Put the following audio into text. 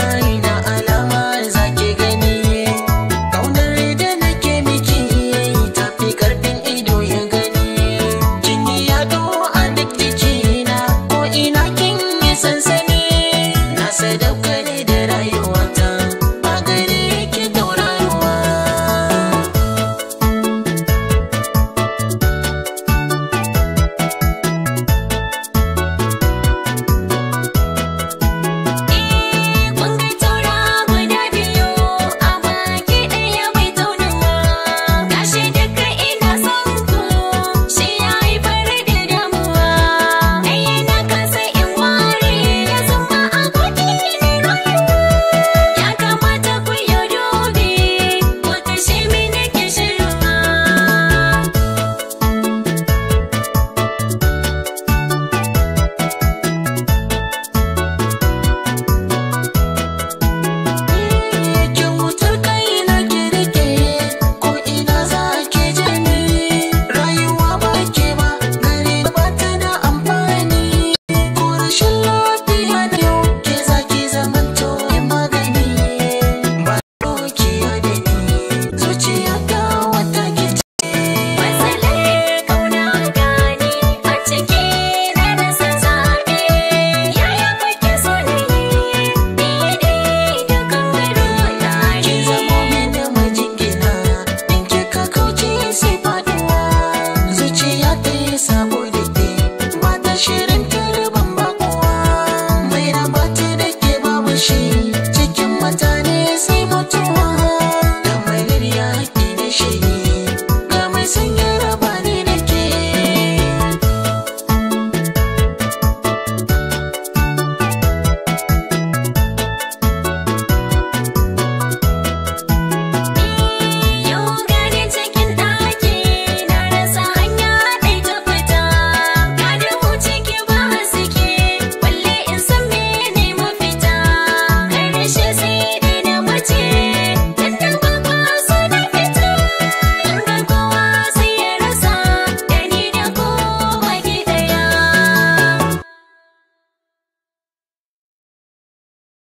one